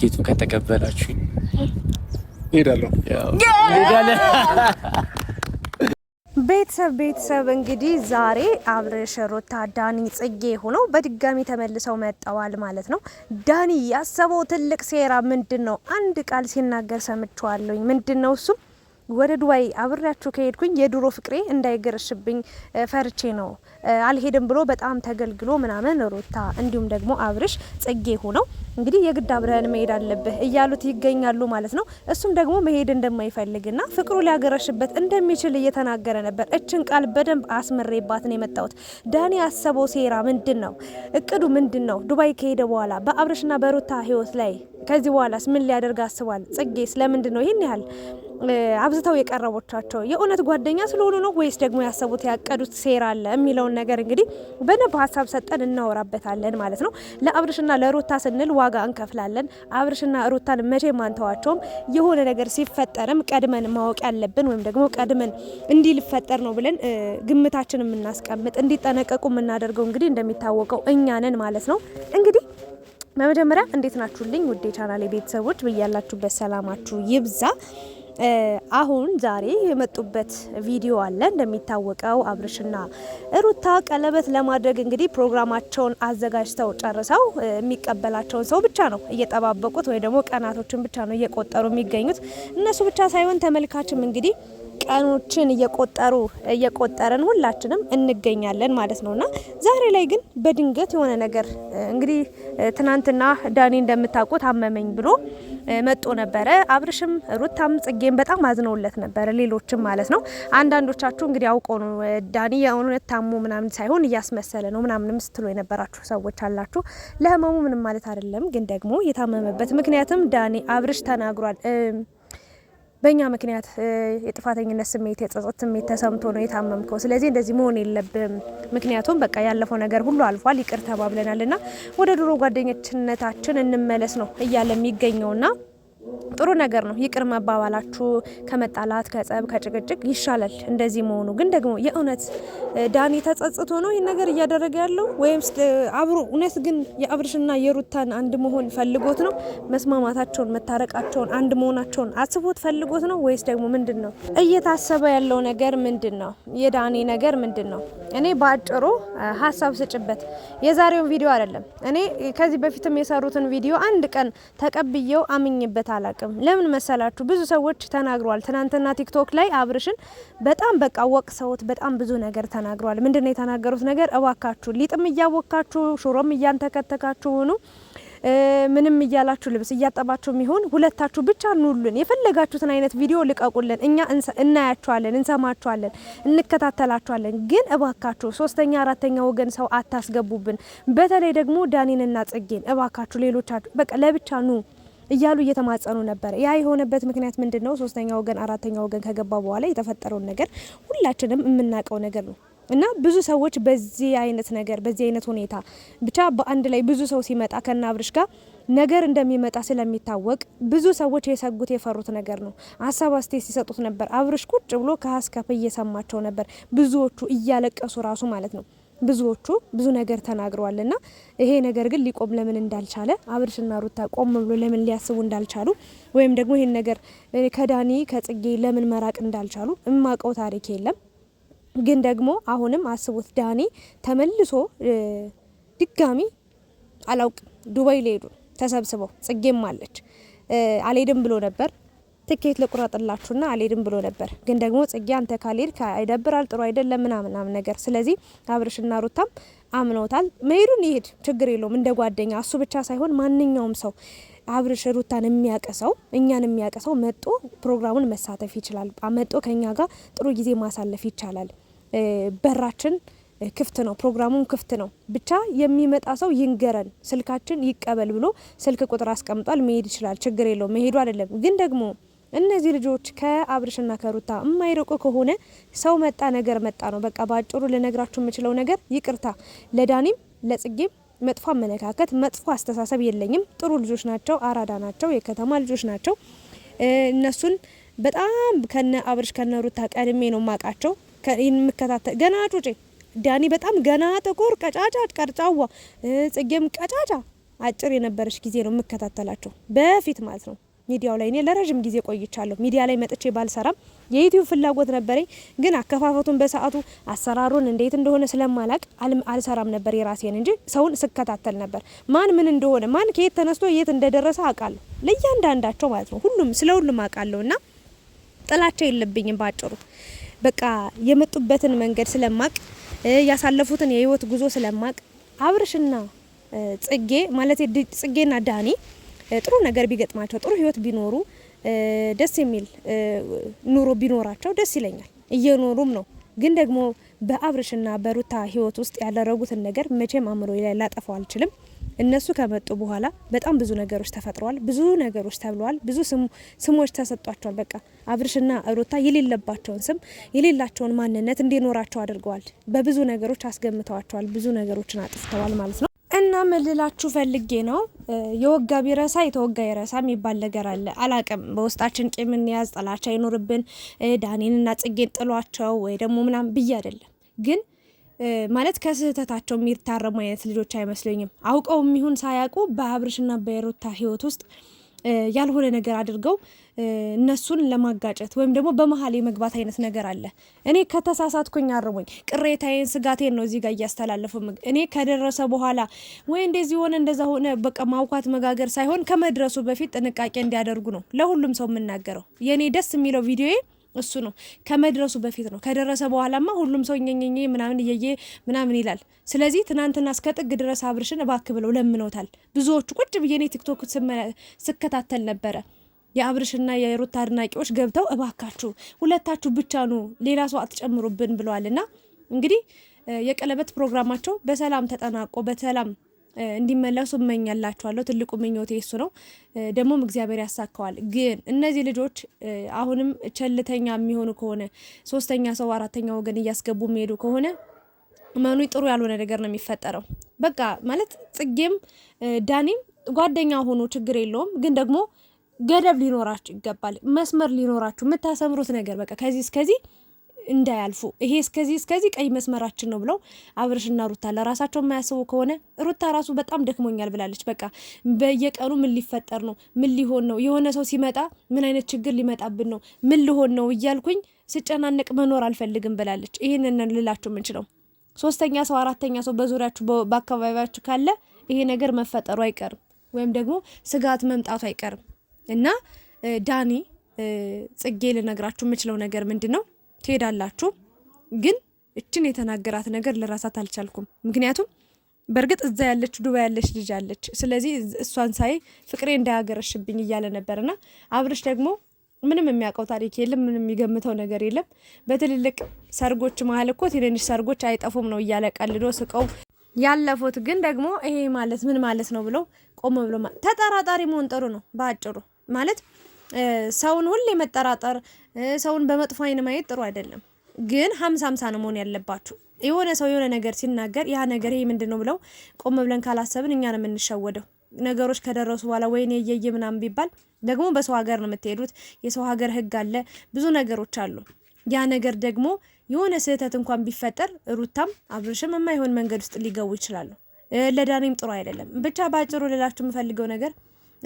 ትኬቱን ከተቀበላችሁ ሄዳለሁ። ቤተሰብ ቤተሰብ እንግዲህ ዛሬ አብርሽ፣ ሩታ፣ ዳኒ፣ ጽጌ ሆኖ በድጋሚ ተመልሰው መጠዋል ማለት ነው። ዳኒ ያሰበው ትልቅ ሴራ ምንድን ነው? አንድ ቃል ሲናገር ሰምቼዋለሁኝ። ምንድን ነው እሱም ወደ ዱባይ አብሬያችሁ ከሄድኩኝ የድሮ ፍቅሬ እንዳይገረሽብኝ ፈርቼ ነው አልሄድም ብሎ በጣም ተገልግሎ ምናምን ሩታ እንዲሁም ደግሞ አብርሽ ጽጌ ሆነው እንግዲህ የግድ አብረን መሄድ አለብህ እያሉት ይገኛሉ ማለት ነው። እሱም ደግሞ መሄድ እንደማይፈልግና ፍቅሩ ሊያገረሽበት እንደሚችል እየተናገረ ነበር። እችን ቃል በደንብ አስምሬባት ነው የመጣሁት። ዳኒ አሰበው ሴራ ምንድን ነው? እቅዱ ምንድን ነው? ዱባይ ከሄደ በኋላ በአብርሽና በሩታ ህይወት ላይ ከዚህ በኋላስ ምን ሊያደርግ አስቧል? ጽጌ ስለምንድን ነው ይህን ያህል አብዝተው የቀረቦቻቸው? የእውነት ጓደኛ ስለሆኑ ነው ወይስ ደግሞ ያሰቡት ያቀዱት ሴራ አለ የሚለውን ነገር እንግዲህ በነብ ሀሳብ ሰጠን እናወራበታለን ማለት ነው። ለአብርሽና ለሩታ ስንል ዋጋ እንከፍላለን። አብርሽና ሩታን መቼ ማንተዋቸውም የሆነ ነገር ሲፈጠርም ቀድመን ማወቅ ያለብን ወይም ደግሞ ቀድመን እንዲህ ሊፈጠር ነው ብለን ግምታችን የምናስቀምጥ እንዲጠነቀቁ የምናደርገው እንግዲህ እንደሚታወቀው እኛንን ማለት ነው እንግዲህ በመጀመሪያ እንዴት ናችሁልኝ ውዴ ቻናሌ ቤተሰቦች ብያላችሁበት ሰላማችሁ ይብዛ። አሁን ዛሬ የመጡበት ቪዲዮ አለ። እንደሚታወቀው አብርሽና ሩታ ቀለበት ለማድረግ እንግዲህ ፕሮግራማቸውን አዘጋጅተው ጨርሰው የሚቀበላቸውን ሰው ብቻ ነው እየጠባበቁት ወይ ደግሞ ቀናቶችን ብቻ ነው እየቆጠሩ የሚገኙት እነሱ ብቻ ሳይሆን ተመልካችም እንግዲህ ቀኖችን እየቆጠሩ እየቆጠረን ሁላችንም እንገኛለን ማለት ነውና ዛሬ ላይ ግን በድንገት የሆነ ነገር እንግዲህ ትናንትና ዳኒ እንደምታውቁት አመመኝ ብሎ መጦ ነበረ። አብርሽም ሩታም ጽጌም በጣም አዝነውለት ነበረ፣ ሌሎችም ማለት ነው። አንዳንዶቻችሁ እንግዲህ አውቆ ነው ዳኒ የእውነት ታሞ ምናምን ሳይሆን እያስመሰለ ነው ምናምንም ስትሉ የነበራችሁ ሰዎች አላችሁ። ለህመሙ ምንም ማለት አይደለም፣ ግን ደግሞ የታመመበት ምክንያትም ዳኒ አብርሽ ተናግሯል። በእኛ ምክንያት የጥፋተኝነት ስሜት የጸጸት ስሜት ተሰምቶ ነው የታመምከው። ስለዚህ እንደዚህ መሆን የለብም። ምክንያቱም በቃ ያለፈው ነገር ሁሉ አልፏል፣ ይቅር ተባብለናል እና ወደ ድሮ ጓደኞችነታችን እንመለስ ነው እያለ የሚገኘውና ጥሩ ነገር ነው። ይቅር መባባላችሁ ከመጣላት ከጸብ፣ ከጭቅጭቅ ይሻላል እንደዚህ መሆኑ። ግን ደግሞ የእውነት ዳኒ ተጸጽቶ ነው ይህን ነገር እያደረገ ያለው ወይም አብሮ እውነት ግን የአብርሽና የሩታን አንድ መሆን ፈልጎት ነው? መስማማታቸውን፣ መታረቃቸውን፣ አንድ መሆናቸውን አስቦት ፈልጎት ነው ወይስ ደግሞ ምንድን ነው እየታሰበ ያለው ነገር? ምንድን ነው የዳኒ ነገር ምንድን ነው? እኔ በአጭሩ ሀሳብ ስጭበት። የዛሬውን ቪዲዮ አይደለም እኔ ከዚህ በፊትም የሰሩትን ቪዲዮ አንድ ቀን ተቀብዬው አምኝበታል አላቅም። ለምን መሰላችሁ? ብዙ ሰዎች ተናግረዋል። ትናንትና ቲክቶክ ላይ አብርሽን በጣም በቃ ወቅሰውት በጣም ብዙ ነገር ተናግሯል ምንድነው የተናገሩት ነገር? እባካችሁ ሊጥም እያወካችሁ ሹሮም እያንተከተካችሁ ሆኑ ምንም እያላችሁ ልብስ እያጠባችሁ የሚሆን ሁለታችሁ ብቻ ኑሉን የፈለጋችሁትን አይነት ቪዲዮ ልቀቁልን። እኛ እናያችኋለን፣ እንሰማችኋለን፣ እንከታተላችኋለን። ግን እባካችሁ ሶስተኛ አራተኛ ወገን ሰው አታስገቡብን። በተለይ ደግሞ ዳኒንና ጽጌን እባካችሁ ሌሎቻችሁ በቃ ለብቻ ኑ። እያሉ እየተማጸኑ ነበር። ያ የሆነበት ምክንያት ምንድን ነው? ሶስተኛ ወገን አራተኛ ወገን ከገባ በኋላ የተፈጠረውን ነገር ሁላችንም የምናውቀው ነገር ነው። እና ብዙ ሰዎች በዚህ አይነት ነገር በዚህ አይነት ሁኔታ ብቻ በአንድ ላይ ብዙ ሰው ሲመጣ ከና አብርሽ ጋር ነገር እንደሚመጣ ስለሚታወቅ ብዙ ሰዎች የሰጉት የፈሩት ነገር ነው። ሀሳብ አስቴ ሲሰጡት ነበር። አብርሽ ቁጭ ብሎ ከሀስከፍ እየሰማቸው ነበር። ብዙዎቹ እያለቀሱ ራሱ ማለት ነው ብዙዎቹ ብዙ ነገር ተናግረዋል ና ይሄ ነገር ግን ሊቆም ለምን እንዳልቻለ አብርሽና ሩታ ቆም ብሎ ለምን ሊያስቡ እንዳልቻሉ ወይም ደግሞ ይሄን ነገር ከዳኒ ከጽጌ ለምን መራቅ እንዳልቻሉ እማቀው ታሪክ የለም። ግን ደግሞ አሁንም አስቡት ዳኒ ተመልሶ ድጋሚ አላውቅም ዱባይ ሊሄዱ ተሰብስበው ጽጌም አለች አልሄድም ብሎ ነበር ትኬት ልቁረጥላችሁና አልሄድም ብሎ ነበር። ግን ደግሞ ጽጌ አንተ ካልሄድክ ይደብራል፣ ጥሩ አይደለም ምናምናም ነገር ስለዚህ አብርሽና ሩታም አምነውታል። መሄዱን ይሄድ ችግር የለውም። እንደ ጓደኛ እሱ ብቻ ሳይሆን ማንኛውም ሰው አብርሽ ሩታን የሚያቀሰው እኛን የሚያቀሰው መጦ ፕሮግራሙን መሳተፍ ይችላል። መጦ ከኛ ጋር ጥሩ ጊዜ ማሳለፍ ይቻላል። በራችን ክፍት ነው፣ ፕሮግራሙን ክፍት ነው። ብቻ የሚመጣ ሰው ይንገረን፣ ስልካችን ይቀበል ብሎ ስልክ ቁጥር አስቀምጧል። መሄድ ይችላል፣ ችግር የለው መሄዱ አይደለም ግን ደግሞ እነዚህ ልጆች ከአብርሽና ከሩታ የማይርቁ ከሆነ ሰው መጣ ነገር መጣ ነው። በቃ በአጭሩ ልነግራችሁ የምችለው ነገር ይቅርታ፣ ለዳኒም ለጽጌም መጥፎ አመለካከት፣ መጥፎ አስተሳሰብ የለኝም። ጥሩ ልጆች ናቸው፣ አራዳ ናቸው፣ የከተማ ልጆች ናቸው። እነሱን በጣም ከነ አብርሽ ከነ ሩታ ቀድሜ ነው ማቃቸው የምከታተል ገና ጩጬ ዳኒ በጣም ገና ጥቁር ቀጫጫ ቀርጫዋ፣ ጽጌም ቀጫጫ አጭር የነበረች ጊዜ ነው የምከታተላቸው በፊት ማለት ነው። ሚዲያው ላይ እኔ ለረዥም ጊዜ ቆይቻለሁ። ሚዲያ ላይ መጥቼ ባልሰራም የዩቲዩብ ፍላጎት ነበረኝ፣ ግን አከፋፈቱን በሰዓቱ አሰራሩን እንዴት እንደሆነ ስለማላቅ አልሰራም ነበር የራሴን እንጂ ሰውን ስከታተል ነበር። ማን ምን እንደሆነ ማን ከየት ተነስቶ የት እንደደረሰ አውቃለሁ፣ ለእያንዳንዳቸው ማለት ነው። ሁሉም ስለ ሁሉም አውቃለሁ እና ጥላቻ የለብኝም ባጭሩ በቃ የመጡበትን መንገድ ስለማቅ ያሳለፉትን የህይወት ጉዞ ስለማቅ አብርሽና ጽጌ ማለት ጽጌና ዳኒ ጥሩ ነገር ቢገጥማቸው ጥሩ ህይወት ቢኖሩ ደስ የሚል ኑሮ ቢኖራቸው ደስ ይለኛል። እየኖሩም ነው። ግን ደግሞ በአብርሽና በሩታ ህይወት ውስጥ ያደረጉትን ነገር መቼም አእምሮ ላይ ላጠፋው አልችልም። እነሱ ከመጡ በኋላ በጣም ብዙ ነገሮች ተፈጥረዋል። ብዙ ነገሮች ተብለዋል። ብዙ ስሞች ተሰጧቸዋል። በቃ አብርሽና ሩታ የሌለባቸውን ስም የሌላቸውን ማንነት እንዲኖራቸው አድርገዋል። በብዙ ነገሮች አስገምተዋቸዋል። ብዙ ነገሮችን አጥፍተዋል ማለት ነው። እና ምልላችሁ ፈልጌ ነው የወጋ ቢረሳ የተወጋ ይረሳ የሚባል ነገር አለ። አላቅም በውስጣችን ቂም እንያዝ፣ ጥላቻ አይኖርብን፣ ዳኔንና ጽጌን ጥሏቸው ወይ ደግሞ ምናምን ብዬ አይደለም ግን ማለት ከስህተታቸው የሚታረሙ አይነት ልጆች አይመስለኝም። አውቀው የሚሆን ሳያውቁ በአብርሽና በሩታ ህይወት ውስጥ ያልሆነ ነገር አድርገው እነሱን ለማጋጨት ወይም ደግሞ በመሀል የመግባት አይነት ነገር አለ። እኔ ከተሳሳትኩኝ አርሙኝ፣ ቅሬታዬን፣ ስጋቴን ነው እዚህ ጋር እያስተላለፉ እኔ ከደረሰ በኋላ ወይ እንደዚህ ሆነ እንደዛ ሆነ በቃ ማውካት መጋገር ሳይሆን ከመድረሱ በፊት ጥንቃቄ እንዲያደርጉ ነው ለሁሉም ሰው የምናገረው። የእኔ ደስ የሚለው ቪዲዮ እሱ ነው ከመድረሱ በፊት ነው። ከደረሰ በኋላማ ሁሉም ሰው ኘኘኘ ምናምን እየየ ምናምን ይላል። ስለዚህ ትናንትና እስከ ጥግ ድረስ አብርሽን እባክ ብለው ለምነውታል ብዙዎቹ። ቁጭ ብዬ እኔ ቲክቶክ ስከታተል ነበረ የአብርሽና የሩታ አድናቂዎች ገብተው እባካችሁ ሁለታችሁ ብቻ ኑ፣ ሌላ ሰው አትጨምሩብን እና እንግዲህ የቀለበት ፕሮግራማቸው በሰላም ተጠናቆ በሰላም እንዲመለሱ እመኛላችኋለሁ። ትልቁ ምኞቴ እሱ ነው። ደግሞም እግዚአብሔር ያሳካዋል። ግን እነዚህ ልጆች አሁንም ቸልተኛ የሚሆኑ ከሆነ ሶስተኛ ሰው አራተኛ ወገን እያስገቡ የሚሄዱ ከሆነ መኑ ጥሩ ያልሆነ ነገር ነው የሚፈጠረው። በቃ ማለት ጽጌም ዳኒም ጓደኛ ሆኖ ችግር የለውም ግን ደግሞ ገደብ ሊኖራችሁ ይገባል። መስመር ሊኖራችሁ የምታሰምሩት ነገር በቃ ከዚህ እስከዚህ እንዳያልፉ ይሄ እስከዚህ እስከዚህ ቀይ መስመራችን ነው ብለው አብርሽና ሩታ ለራሳቸው የማያስቡ ከሆነ ሩታ ራሱ በጣም ደክሞኛል ብላለች። በቃ በየቀኑ ምን ሊፈጠር ነው? ምን ሊሆን ነው? የሆነ ሰው ሲመጣ ምን አይነት ችግር ሊመጣብን ነው? ምን ልሆን ነው እያልኩኝ ስጨናነቅ መኖር አልፈልግም ብላለች። ይህንን ልላችሁ የምንችለው ሶስተኛ ሰው አራተኛ ሰው በዙሪያችሁ በአካባቢያችሁ ካለ ይሄ ነገር መፈጠሩ አይቀርም ወይም ደግሞ ስጋት መምጣቱ አይቀርም እና ዳኒ ጽጌ ልነግራችሁ የምችለው ነገር ምንድን ነው? ትሄዳላችሁ። ግን እችን የተናገራት ነገር ልረሳት አልቻልኩም። ምክንያቱም በእርግጥ እዛ ያለች ዱባ ያለች ልጅ አለች። ስለዚህ እሷን ሳይ ፍቅሬ እንዳያገረሽብኝ እያለ ነበርና አብርሽ ደግሞ ምንም የሚያውቀው ታሪክ የለም፣ ምንም የሚገምተው ነገር የለም። በትልልቅ ሰርጎች መሀል እኮ ትንንሽ ሰርጎች አይጠፉም ነው እያለ ቀልዶ ስቀው ያለፉት። ግን ደግሞ ይሄ ማለት ምን ማለት ነው ብለው ቆም ብሎ ተጠራጣሪ መሆን ጥሩ ነው በአጭሩ ማለት ሰውን ሁሌ መጠራጠር ሰውን በመጥፎ አይን ማየት ጥሩ አይደለም። ግን ሀምሳ ሀምሳ ነው መሆን ያለባችሁ። የሆነ ሰው የሆነ ነገር ሲናገር ያ ነገር ይሄ ምንድን ነው ብለው ቆም ብለን ካላሰብን እኛ ነው የምንሸወደው። ነገሮች ከደረሱ በኋላ ወይኔ የየ ምናምን ቢባል ደግሞ በሰው ሀገር ነው የምትሄዱት። የሰው ሀገር ህግ አለ፣ ብዙ ነገሮች አሉ። ያ ነገር ደግሞ የሆነ ስህተት እንኳን ቢፈጠር ሩታም አብርሽም የማይሆን መንገድ ውስጥ ሊገቡ ይችላሉ። ለዳኔም ጥሩ አይደለም። ብቻ በአጭሩ ልላችሁ የምፈልገው ነገር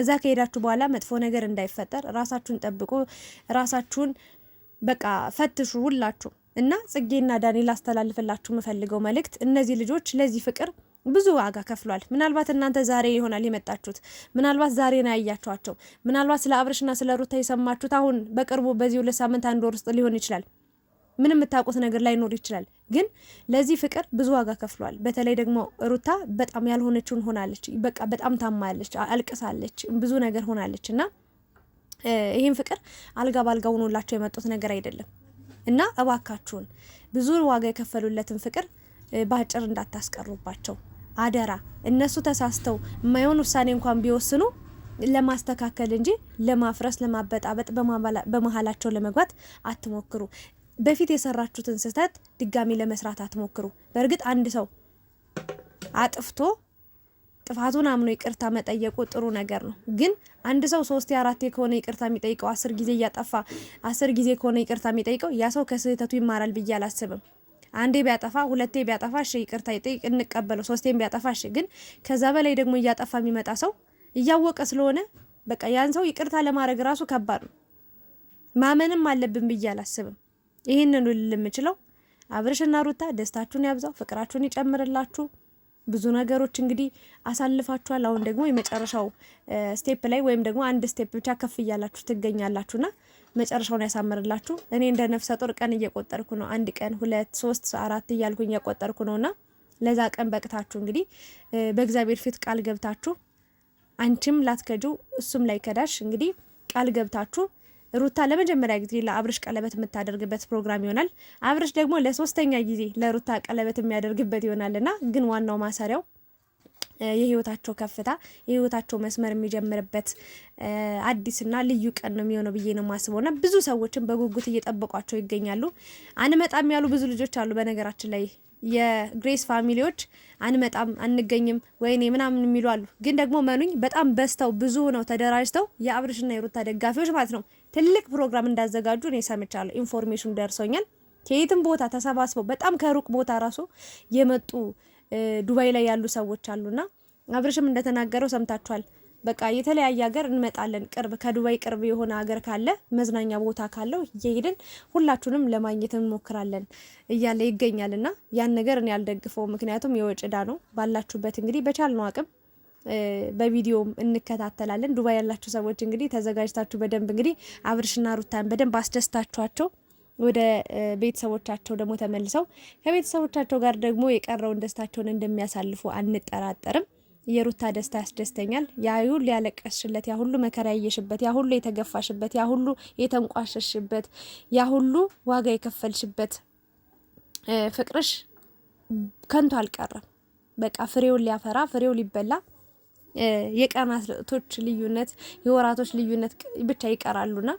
እዛ ከሄዳችሁ በኋላ መጥፎ ነገር እንዳይፈጠር ራሳችሁን ጠብቁ። ራሳችሁን በቃ ፈትሹ ሁላችሁ እና ጽጌና ዳኒ ላስተላልፍላችሁ የምፈልገው መልእክት እነዚህ ልጆች ለዚህ ፍቅር ብዙ ዋጋ ከፍሏል። ምናልባት እናንተ ዛሬ ይሆናል የመጣችሁት፣ ምናልባት ዛሬ ነው ያያችኋቸው፣ ምናልባት ስለ አብርሽና ስለ ሩታ የሰማችሁት አሁን በቅርቡ በዚህ ሁለት ሳምንት አንድ ወር ውስጥ ሊሆን ይችላል። ምንም የምታውቁት ነገር ላይኖር ይችላል። ግን ለዚህ ፍቅር ብዙ ዋጋ ከፍሏል። በተለይ ደግሞ ሩታ በጣም ያልሆነችውን ሆናለች። በቃ በጣም ታማለች፣ አልቅሳለች፣ ብዙ ነገር ሆናለች እና ይህን ፍቅር አልጋ ባልጋ ሆኖላቸው የመጡት ነገር አይደለም እና እባካችሁን ብዙ ዋጋ የከፈሉለትን ፍቅር በአጭር እንዳታስቀሩባቸው አደራ። እነሱ ተሳስተው የማይሆን ውሳኔ እንኳን ቢወስኑ ለማስተካከል እንጂ ለማፍረስ፣ ለማበጣበጥ በመሀላቸው ለመግባት አትሞክሩ። በፊት የሰራችሁትን ስህተት ድጋሚ ለመስራት አትሞክሩ። በእርግጥ አንድ ሰው አጥፍቶ ጥፋቱን አምኖ ይቅርታ መጠየቁ ጥሩ ነገር ነው። ግን አንድ ሰው ሶስቴ አራቴ ከሆነ ይቅርታ የሚጠይቀው አስር ጊዜ እያጠፋ አስር ጊዜ ከሆነ ይቅርታ የሚጠይቀው ያ ሰው ከስህተቱ ይማራል ብዬ አላስብም። አንዴ ቢያጠፋ ሁለቴ ቢያጠፋ እሺ ይቅርታ ይጠይቅ እንቀበለው። ሶስቴም ቢያጠፋ እሺ። ግን ከዛ በላይ ደግሞ እያጠፋ የሚመጣ ሰው እያወቀ ስለሆነ በቃ ያን ሰው ይቅርታ ለማድረግ ራሱ ከባድ ነው። ማመንም አለብን ብዬ አላስብም። ይህንን ልል የምችለው አብርሽና ሩታ ደስታችሁን ያብዛው፣ ፍቅራችሁን ይጨምርላችሁ። ብዙ ነገሮች እንግዲህ አሳልፋችኋል። አሁን ደግሞ የመጨረሻው ስቴፕ ላይ ወይም ደግሞ አንድ ስቴፕ ብቻ ከፍ እያላችሁ ትገኛላችሁና መጨረሻውን ያሳምርላችሁ። እኔ እንደ ነፍሰ ጡር ቀን እየቆጠርኩ ነው። አንድ ቀን፣ ሁለት፣ ሶስት፣ አራት እያልኩኝ እየቆጠርኩ ነውና ለዛ ቀን በቅታችሁ እንግዲህ በእግዚአብሔር ፊት ቃል ገብታችሁ አንቺም ላትከጁ እሱም ላይ ከዳሽ እንግዲህ ቃል ገብታችሁ ሩታ ለመጀመሪያ ጊዜ ለአብርሽ ቀለበት የምታደርግበት ፕሮግራም ይሆናል። አብርሽ ደግሞ ለሶስተኛ ጊዜ ለሩታ ቀለበት የሚያደርግበት ይሆናልና ግን ዋናው ማሰሪያው የህይወታቸው ከፍታ የህይወታቸው መስመር የሚጀምርበት አዲስና ልዩ ቀን ነው የሚሆነው ብዬ ነው የማስበው። ና ብዙ ሰዎችን በጉጉት እየጠበቋቸው ይገኛሉ። አንመጣም ያሉ ብዙ ልጆች አሉ። በነገራችን ላይ የግሬስ ፋሚሊዎች አንመጣም፣ አንገኝም ወይኔ ምናምን የሚሉ አሉ። ግን ደግሞ መኑኝ በጣም በዝተው ብዙ ሆነው ተደራጅተው የአብርሽና የሩታ ደጋፊዎች ማለት ነው ትልቅ ፕሮግራም እንዳዘጋጁ እኔ ሰምቻለሁ። ኢንፎርሜሽን ደርሶኛል። ከየትም ቦታ ተሰባስበው በጣም ከሩቅ ቦታ ራሱ የመጡ ዱባይ ላይ ያሉ ሰዎች አሉና አብርሽም እንደተናገረው ሰምታችኋል። በቃ የተለያየ ሀገር እንመጣለን። ቅርብ ከዱባይ ቅርብ የሆነ ሀገር ካለ መዝናኛ ቦታ ካለው እየሄድን ሁላችሁንም ለማግኘት እንሞክራለን እያለ ይገኛልና ያን ነገር እኔ አልደግፈው። ምክንያቱም የወጭዳ ነው ባላችሁበት እንግዲህ በቻልነው አቅም በቪዲዮም እንከታተላለን። ዱባይ ያላችሁ ሰዎች እንግዲህ ተዘጋጅታችሁ በደንብ እንግዲህ አብርሽና ሩታን በደንብ አስደስታችኋቸው ወደ ቤተሰቦቻቸው ደግሞ ተመልሰው ከቤተሰቦቻቸው ጋር ደግሞ የቀረውን ደስታቸውን እንደሚያሳልፉ አንጠራጠርም። የሩታ ደስታ ያስደስተኛል። ያ ሁሉ ያ ሁሉ መከራ ያየሽበት፣ ያ ሁሉ የተገፋሽበት፣ ያ ሁሉ የተንቋሸሽበት፣ ያ ሁሉ ዋጋ የከፈልሽበት ፍቅርሽ ከንቱ አልቀረም። በቃ ፍሬውን ሊያፈራ ፍሬው ሊበላ የቀናቶች ልዩነት፣ የወራቶች ልዩነት ብቻ ይቀራሉና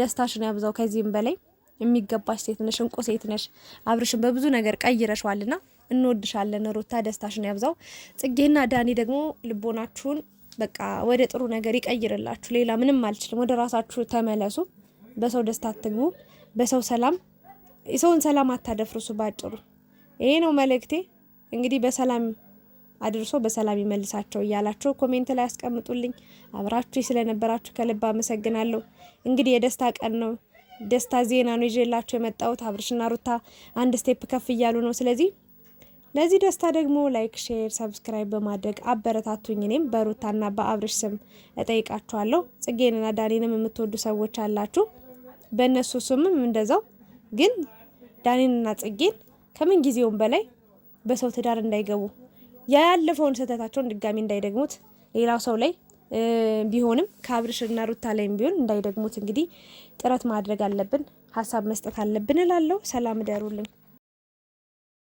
ደስታሽን ያብዛው። ከዚህም በላይ የሚገባሽ ሴት ነሽ፣ እንቁ ሴት ነሽ። አብርሽን በብዙ ነገር ቀይረሽዋልና እንወድሻለን ሩታ፣ ደስታሽን ያብዛው። ጽጌና ዳኒ ደግሞ ልቦናችሁን በቃ ወደ ጥሩ ነገር ይቀይርላችሁ። ሌላ ምንም አልችልም። ወደ ራሳችሁ ተመለሱ። በሰው ደስታ አትግቡ። በሰው ሰላም የሰውን ሰላም አታደፍርሱ። ባጭሩ ይሄ ነው መልእክቴ። እንግዲህ በሰላም አድርሶ በሰላም ይመልሳቸው እያላችሁ ኮሜንት ላይ ያስቀምጡልኝ። አብራችሁ ስለነበራችሁ ከልብ አመሰግናለሁ። እንግዲህ የደስታ ቀን ነው፣ ደስታ ዜና ነው ይዤላችሁ የመጣሁት። አብርሽና ሩታ አንድ ስቴፕ ከፍ እያሉ ነው። ስለዚህ ለዚህ ደስታ ደግሞ ላይክ፣ ሼር፣ ሰብስክራይብ በማድረግ አበረታቱኝ። እኔም በሩታና በአብርሽ ስም እጠይቃችኋለሁ። ጽጌንና ዳኔንም የምትወዱ ሰዎች አላችሁ፣ በእነሱ ስምም እንደዛው። ግን ዳኔንና ጽጌን ከምን ጊዜውም በላይ በሰው ትዳር እንዳይገቡ ያለፈውን ስህተታቸውን ድጋሚ እንዳይደግሙት ሌላው ሰው ላይ ቢሆንም ከአብርሽና ሩታ ላይም ቢሆን እንዳይደግሙት እንግዲህ ጥረት ማድረግ አለብን፣ ሀሳብ መስጠት አለብን እላለሁ። ሰላም እደሩልኝ።